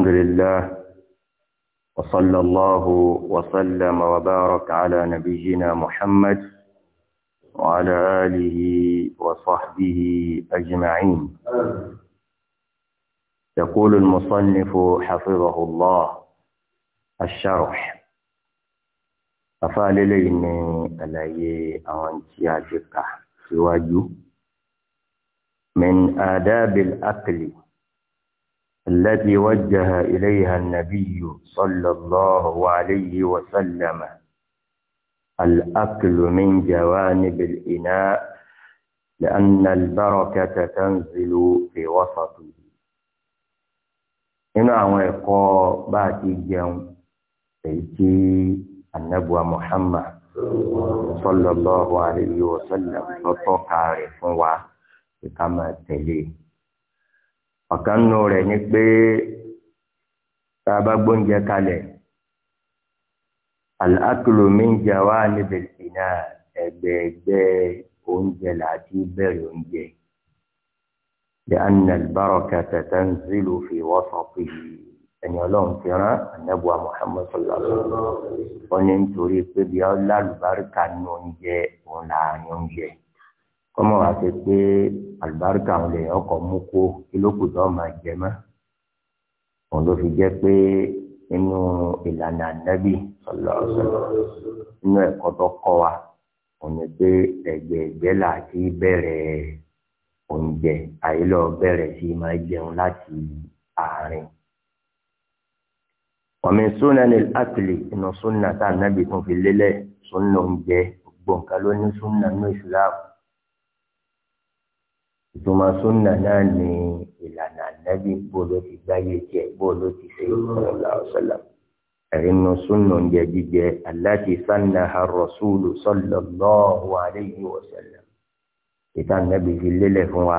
الحمد لله وصلى الله وسلم وبارك على نبينا محمد وعلى آله وصحبه أجمعين يقول المصنف حفظه الله الشرح أفعللين ألاي أنتي أجيكا سواجو من آداب الأكل التي وجه إليها النبي صلى الله عليه وسلم الأكل من جوانب الإناء لأن البركة تنزل في وسطه nínú àwọn ẹ̀kọ́ bá a ti jẹun èyí tí anabuwa muhammad sallallahu alayhi wa sallam tó tọ́ka rẹ̀ fún wa kí ká máa tẹ̀lé e ọ̀kan nù rẹ̀ ni pé tá a bá gbóúnjẹ kalẹ̀ alákùlù mi ń jà wá níbi ìsìnà ẹgbẹ̀ẹ̀gbẹ́ oúnjẹ láti bẹ̀rẹ̀ oúnjẹ لأن البركة تنزل في وسطه ẹni ọlọ́run ti rán ànábùwà muhammed sallallahu alaihi wa sallam wọn ní nítorí pé bí ọlá àlùbáríkà ní oúnjẹ òun là oúnjẹ kọ́mọ wá ṣe pé àlùbáríkà àwọn lè ọkọ̀ mú kó kílókù tó máa jẹ mọ́ òun ló fi jẹ́ pé inú ìlànà ànábì sọlọ́ọ̀sọ̀lọ́ inú ẹ̀kọ́ tó kọ́ wa òun ni pé ẹ̀gbẹ̀ẹ̀gbẹ́ láti bẹ̀rẹ̀ oúnjẹ àyílọ́ bẹ̀rẹ̀ sí máa jẹun láti àárín. ọ̀mí súnà ní àkìlì inú súnà tá ànábì tún fi lélẹ̀ súnà oúnjẹ gbọ̀ǹkà ló ní súnà ní ìsìláàmù ìtumọ̀ súnà náà ní ìlànà ànábì bó ló ti gbáyé tiẹ̀ bó ló ti ṣe sallallahu alaihi wasallam ẹ̀rínú súnà oúnjẹ jíjẹ allati sannaha ar-rasulu sallallahu alaihi wasallam ìta ànábì fi lélẹ̀ fún wa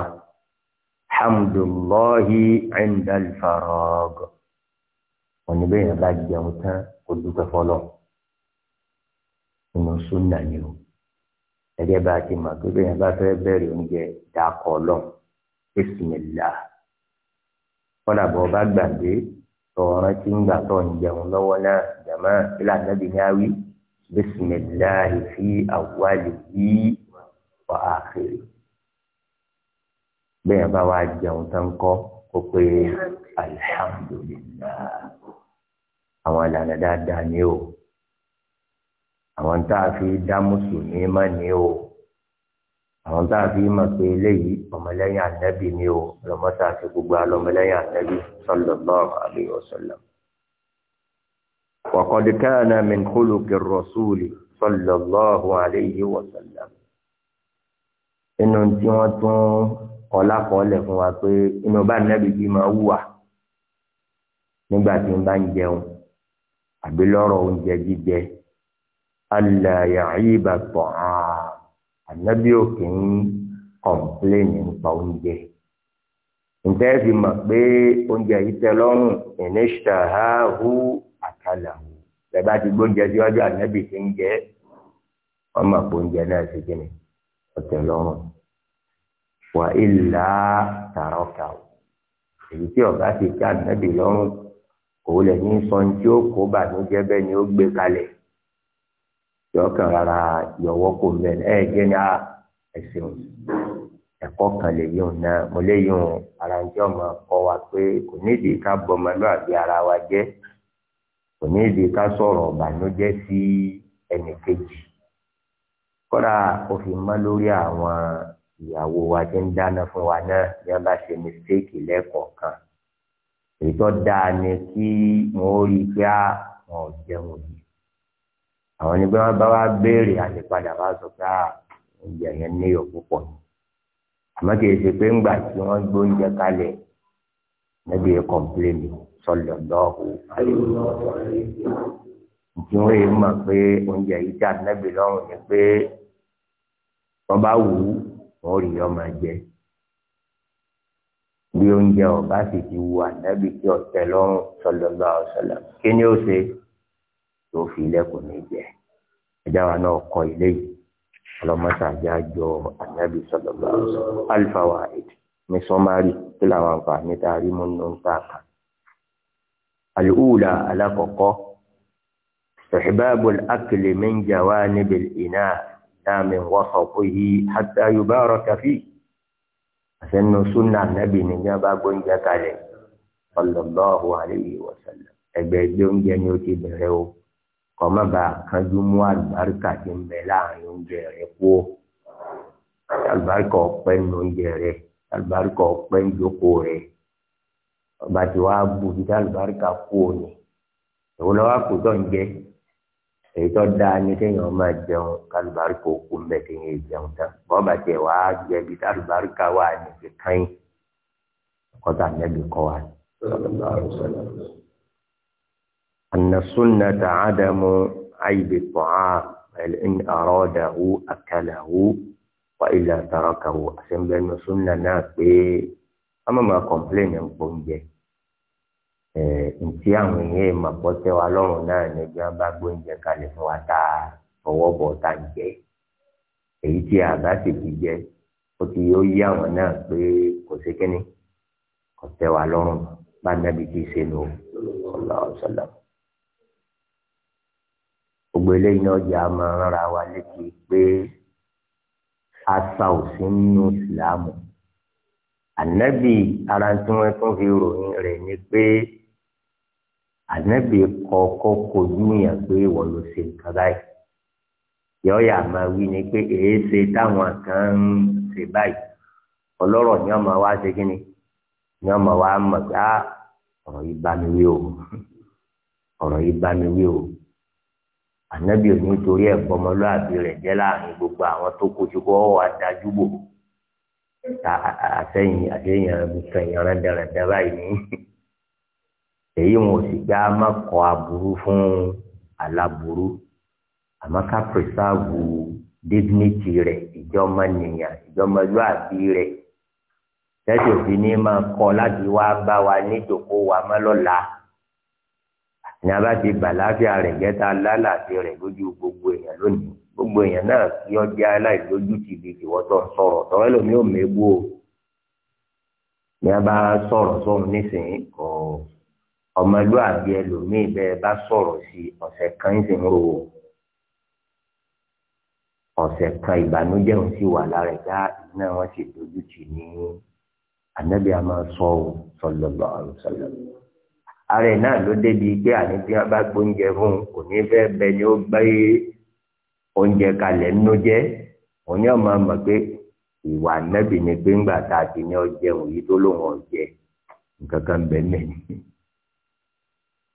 hamdulillahi indal farag òní bẹ́ẹ̀ yẹn bá jẹun tán kó dúpẹ́ fọlọ́ nínú súnà ni o gẹ́gẹ́ bá a ti mọ̀ pé bẹ́ẹ̀ bá fẹ́ bẹ̀rẹ̀ oúnjẹ dákọ̀ ọlọ́run bisimilá kọ́dà bọ́ bá gbàgbé tọ̀ọ̀rán tí ń gbà tọ̀ ń jẹun lọ́wọ́ náà jàmá ilà nàbì ní àwí bisimilá fi àwálì yí wà áàkiri bẹ́ẹ̀ bá wá jẹun tán kọ́ kó pé alihamudulilá àwọn ìlànà dáadáa ni o àwọn tá a fi dá mùsùlùmí mọ́ ni o àwọn tá a fi mọ̀ pé eléyìí ọmọlẹ́yìn ànábì ni o lọ́mọ́tà fi gbogbo alọ́mọlẹ́yìn ànábì sallallahu alaihi wasallam. وقد كان من خلق الرسول صلى الله عليه وسلم inú tí wọ́n tún ọlá kọọlẹ fún wa pé inú bá nàbí bí máa wùwà nígbà alàyàyí bàtọ̀ hàn ànábì òkè ń kọ̀mpléènì nípa oúnjẹ ǹjẹ́ fi mọ̀ pé oúnjẹ yìí tẹ́ lọ́rùn ìníṣà ha hu àkàlà hu bẹ́ẹ̀ bá ti gbóúnjẹ síwájú ànábì ti ń jẹ́ wọ́n mọ̀ náà ṣe kí ọ̀tẹ̀ lọ́rùn wà ilà tàrọ́kà o èyí tí ọ̀gá ti ká ànábì lọ́rùn òun lè ní sọ ní tí ó kó bàtújẹ́ bẹ́ẹ̀ ni ó gbé kalẹ̀ yọkàn rárá yọwọ́ kò mẹ ẹ jẹ́ ní ẹ̀sìn ẹ̀kọ́ kan lè yíwọn náà mo lè yíwọn ara ń jẹ́ ọmọ ọkọ wa pé kò nídìí ká bọmọlúwàbí ara wa jẹ́ kò nídìí ká sọ̀rọ̀ ọ̀bànújẹ́ sí ẹnì kejì kódà ó fi lórí àwọn ìyàwó wa ti ń dáná fún wa náà ní wọn bá ṣe mistake lẹ́kọ̀ọ̀kan èyí tó dáa ni kí wọn ó rí i pé àwọn ah, ò jẹun yìí àwọn ẹni pé wọn bá wá béèrè àlepadà wá sọ pé oúnjẹ yẹn níyọ̀ púpọ̀ ni àmọ́ kì ṣe pé ńgbà tí wọ́n gbóúnjẹ kalẹ̀ níbi kọ̀mpléènì sọlọ lọ́hùn tí wọ́n yìí mọ̀ pé oúnjẹ yìí tí ànábì lọ́rùn ni pé wọ́n bá wù ú wọ́n rí ọmọ jẹ bí oúnjẹ ọba sì ti wù ànábì tí ọ̀tẹ̀ lọ́rùn sọlọ lọ́hùn sọlọ kí ni ó ṣe tó fi ilẹ̀kùn ní jẹ ẹjá wa náà kọ ilé yìí ọlọmọta ajá jọ ànábì sọlọgbà alifawa èdè ní sọmárì kí làwọn àǹfààní tá a rí mú nínú tá a àlùhùlà alákọ̀ọ́kọ́ استحباب الأكل من جوانب الإناء لا من وسطه حتى يبارك فيه àṣẹnu súnà nàbì ní bí wọn bá gbóúnjẹ kalẹ̀ sallallahu alayhi wa sallam ẹgbẹ gbé ni ó ti bẹ̀rẹ̀ o kọ́má bá kanjú mú àlùbáríkà tí ń bẹ láàrin oúnjẹ rẹ kú ó àlùbáríkà ọ̀pẹ́ nínú oúnjẹ rẹ àlùbáríkà ọ̀pẹ́ ń jókòó rẹ ọba tí wàá bù bí àlùbáríkà kú ó ní ìwọ lọ́wọ́ kò tó ń jẹ èyí tó dáa ní kéèyàn máa jẹun kálùbáríkà òkú ń bẹ kéèyàn jẹun tán bọ́ọ̀bà tiẹ̀ wàá jẹ bí kálùbáríkà wà ní yìí ọkọ̀ nẹ́bí kọ́ wa. أن السنة عدم عيب الطعام بل إن أراده أكله وإلا تركه أسم بأن السنة ناقي أما ما كومبلين ينقوم به ntí àwọn èèyàn mà bọ́ tẹ́ wa lọ́rùn náà ní bí wọ́n bá gbóúnjẹ kalẹ̀ fún wa tá a fọwọ́ bọ̀ tá a jẹ èyí tí àbá sì ti jẹ ó ti yóò yí àwọn náà pé kò sí kínní kò tẹ́ wa lọ́rùn bá nàbí ti ṣe lò ọ̀la ọ̀sọ̀lọ́mù gbogbo eléyìí náà jẹ́ àmọ́ rárá wa létí pé asa ò sí nínú ìsìlámù ànábì ara tí wọ́n tún fi ròyìn rẹ̀ ni pé ànábì kọ̀ọ̀kọ́ kojú yàn pé ìwọ ló ṣe nǹkan báyìí yọ̀ọ́yà máa wí ni pé èé ṣe táwọn kan ń ṣe báyìí ọlọ́rọ̀ ni ọmọ wa ṣe kí ni ni ọmọ wa mọ̀ pé ah, ọ̀rọ̀ yìí bá mi wí o ọ̀rọ̀ yìí bá mi wí o ànábì ò ní torí ẹ̀ bọmọlúàbí rẹ̀ jẹ́ láàrin gbogbo àwọn tó kojú kó wà dájú bò ta àtẹ̀yìn àtẹ̀yìn àtẹ̀yìn ọ̀rẹ́ dẹ̀rẹ̀dẹ̀ báyìí ní èyí wọn ò sì gbá má kọ aburú fún aláburú àmọ́ ká pèsèàbù dignity rẹ̀ ìjọba nìyàn ìjọba lúàbí rẹ̀ tẹ́sí òfin ní máa kọ láti wá bá wa níjòkó wa mọ́lọ́la ní abá ti bàláfíà rẹ̀ gẹ́ta lálàáfíà rẹ̀ lójú gbogbo èèyàn lónìí gbogbo èèyàn náà kí ọ jẹ́ aláìlójú ti di ìwọ́tọ̀ sọ̀rọ̀ tọ́wẹ́ lómi ò mégbó o ní abá sọ̀rọ̀ sóhun nísìnyí kọ́ ọmọlúwàbí ẹlòmíì bẹ́ẹ̀ bá sọ̀rọ̀ sí ọ̀sẹ̀ kan sì ń ro ọ̀sẹ̀ kan ìbànújẹ́ òun sì wà lára ẹ̀dá iná wọn sì dojú tì ní ànábìàmọ́ sọ́ọ̀ sọ̀lọ̀lọ̀ àrùsọ̀lọ̀lọ̀ ara ẹ̀ náà ló débi pé àní tí wọ́n bá gbóúnjẹ fún un kò ní fẹ́ bẹ ni ó gbé oúnjẹ kalẹ̀ nínú jẹ́ òun yóò máa mọ̀ pé ìwà nẹ́bì ni pé ńgbà tá a ti ní ọjẹ́ òun yìí tó lóun ọjẹ́ nǹkan kan bẹ́ẹ̀ mẹ́rin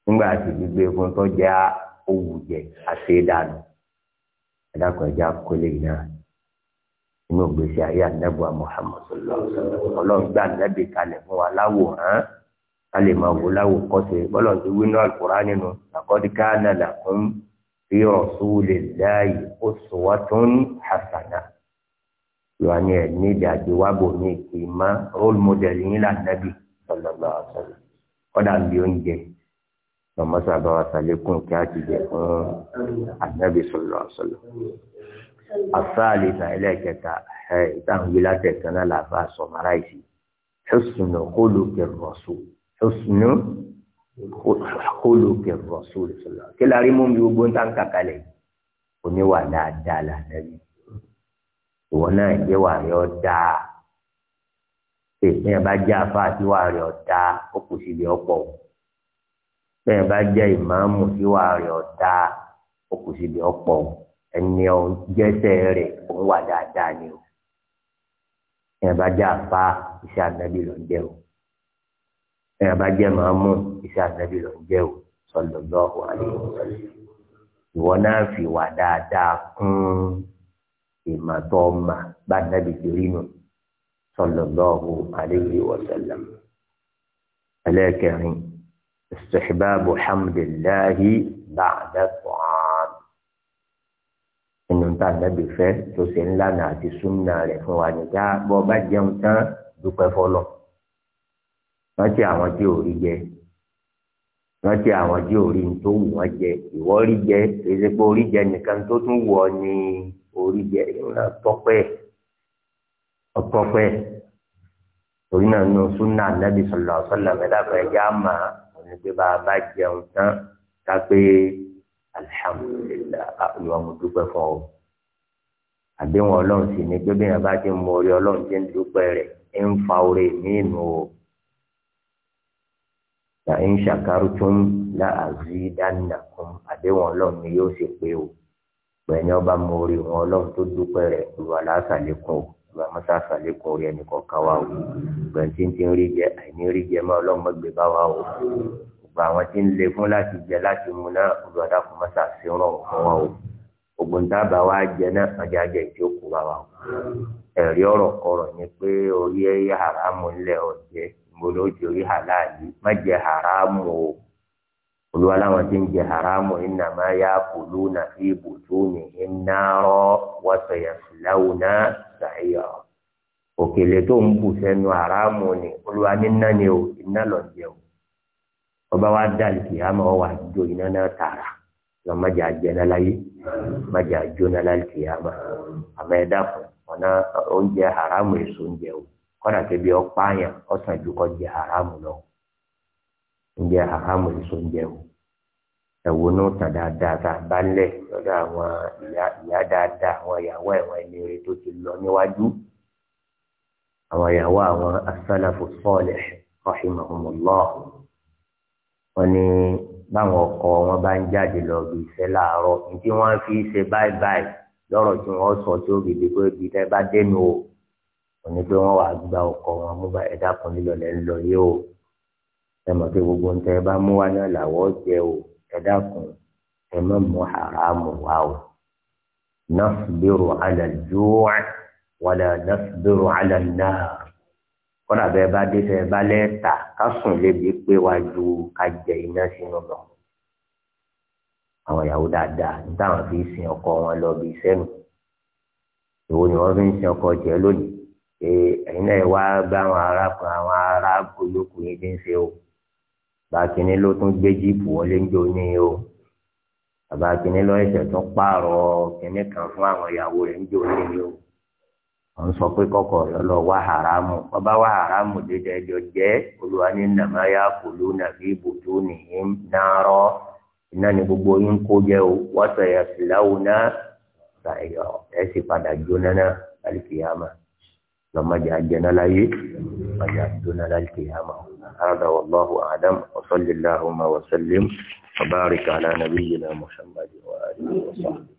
nígbà tí gbígbé fún tó jẹ́ owó jẹ àti ìdánù ẹ̀dàkùn ẹ̀já náà inú ìgbésí ayé ànábùwà Muhammad sallallahu gbà nẹ́bì kalẹ̀ fún wa láwòrán ká lè máa wò láwò kọ́sẹ̀ bọ́lá ti wí náà kúrá nínú àkọ́dí káàdà làkún fi rasulillahi uswatun hasana yóò ní ẹ̀ ní ìdàgbé wá bò ní ìpè má role model yín là nàbì sallallahu alaihi wasallam kọ́dà ń bí oúnjẹ lọ́mọ sábà wà sàlékún kí á ti jẹ fún ànábì sallallahu alaihi wasallam. asáàlì náà ẹlẹ́kẹta ìtàn yìí látẹ̀kẹ́ náà làbá sọ̀mọ́ráìsì husnu khuluqir rasul. Husnul khuluqi rasul sallallahu kí la rí mú mi gbogbo ń tà ń kàkálẹ̀ yìí oníwà dáadáa lànàbí ìwọ náà jẹ́ wà rẹ̀ ọ́ dáa bẹ́ẹ̀ yẹn bá jẹ́ afá àti wà rẹ̀ ọ́ dáa ó kù sí ilé ọ̀pọ̀ bẹ́ẹ̀ yẹn bá jẹ́ ìmáàmù sí wà rẹ̀ ọ́ dáa ó kù sí ilé ọ̀pọ̀ ẹni ọ̀ jẹ́sẹ̀ ni o bẹ́ẹ̀ yẹn bá jẹ́ afá iṣẹ́ ànábì ló o ẹ bá jẹ́ màá mú iṣẹ́ ànábì lọ jẹ́ o sallallahu alaihi wasallam ìwọ náà fi wà dáadáa kún ìmọ̀tọ́ ọmọ bá ànábì ti rí nu sallallahu alaihi wasallam. ẹlẹ́kẹrin istihbabu hamdillahi ba'da ta'am inú ta ànábì fẹ́ tó ṣe ńlá náà àti súnmọ́ rẹ̀ fún wa nígbà ah, bọ́ bá jẹun tán dúpẹ́ fọlọ́ rántí àwọn tí ò rí jẹ rántí àwọn tí ò rí ní tó wù wọn jẹ ìwọ rí jẹ èsì pé orí jẹ nìkan tó tún wù ọ ní orí jẹ ìwọ̀n tọpẹ́ ọtọpẹ́ torí náà nù súnà nàbì sọlọ sọlọ mẹdàgbà ẹjẹ àmà onígbé bá a bá jẹun tán ká pé alihamudulilayi ìwọ mo dúpẹ́ ọ àdéhùn Ọlọ́run sì ni pé yẹn bá ti mú orí Ọlọ́run ti ń dúpẹ́ rẹ̀ ń fa orí mi nù o in shakartum la azidannakum àdéhùn ọlọ́run ni yóò ṣe pé o gbẹ̀yìn ọba mọ̀ọ́rẹ́ wọn ọlọ́run tó dúpẹ́ rẹ̀ olùwà lásàlékún olùwà mọ́sàsàlékún orí ẹnì kọ̀ọ̀kan wa o gbẹ̀yìn tí ń ti rí jẹ àìní rí jẹ mọ́ ọlọ́run mọ́gbẹ́ bá wa o gbogbo àwọn tí ń le fún láti jẹ láti mu náà olùwà dákun mọ́sàsí ràn fún wa o ògùn dábàá wa jẹ náà ọjà jẹ ìjókòó wa wa o ẹ̀rí ọ̀rọ̀ kọ̀rọ̀ ni pé orí ẹ̀yà haramu ńlẹ̀ gbọdọ̀ jòrí halali má jẹ haramu o olúwa láwọn tí ń jẹ haramu iná máa yá kúlú na fi bùtú ní iná rọ wọ́sọ̀ yẹn fúláwù náà sàyọ̀ òkèlè tó ń bù sẹ́nu haramu ni olúwa níná ni o iná lọ jẹ o ọba wa dàlí kìyàmọ́ wà jó iná náà tààrà lọ má jẹ àjẹná láyé má jẹ àjóná láyé kìyàmọ́ àmọ́ ẹ dákun ọ̀nà oúnjẹ haramu èso oúnjẹ o kọ́dà tẹ̀bi ọ̀pá àyàn ọ̀sán ju kọjá haramu lọ oúnjẹ haramu èso oúnjẹ o ẹ̀wọ̀n náà tàn dáadáa tá a bá lẹ̀ lọ́dọ̀ àwọn ìyá dáadáa àwọn ìyàwó ẹ̀wọ̀n ẹni rẹ tó ti lọ níwájú àwọn ìyàwó àwọn asálàfù sọ́ọ̀lẹ̀ rahimahumullah wọn ni báwọn ọkọ wọn bá ń jáde lọ bí iṣẹ́ láàárọ̀ ní tí wọ́n fi ṣe báibái lọ́rọ̀ tí wọ́n sọ tí ó fi di pé tẹ́ bá dénú o òní pé wọ́n wàá gba ọkọ̀ wọn mú bá ẹ̀dá kan lílọ lẹ́ ń lọ yìí o ẹ mọ̀ pé gbogbo ń tẹ́ ẹ bá mú wa náà làwọ̀ jẹ o ẹ̀dá kan ẹ má mú haramu wa o nasbiru ala al-ju' wala nasbiru ala an kọ́nà bẹ́ẹ̀ bá dé sẹ́ẹ̀ bá lẹ́ẹ̀ta ká lébi pé wá ju ká iná sínú lọ àwọn ìyàwó dáadáa ní fi sin ọkọ wọn lọ bí sẹ́nu ìwo ni wọ́n fi ń sin ọkọ jẹ lónìí pé ẹ̀yin náà wá bá àwọn ará kan àwọn ará olókùn yìí ti ń ṣe o bàtìní ló tún gbé jíìpù wọlé ń jó ní o bàtìní lọ ẹsẹ̀ tún pààrọ̀ kínní kan fún àwọn ìyàwó rẹ̀ ń jó ní o wọ́n sọ pé kọ́kọ́ lọ́lọ́ wá haramu ọba wá haramu dídá ẹjọ́ jẹ́ olúwa ní nàmáyà kùlú nàbí ibùdó nìyẹn nàárọ̀ iná ni gbogbo yín kó jẹ́ o wọ́n sọ yẹ fìlà wò náà ṣàyọ̀ ẹ̀ sì padà jóná náà lálùkìyàmá. لما عجلنا لا وجعلتنا لا التهامه هذا والله أعلم وصل اللهم وسلم وبارك على نبينا محمد وآله وصحبه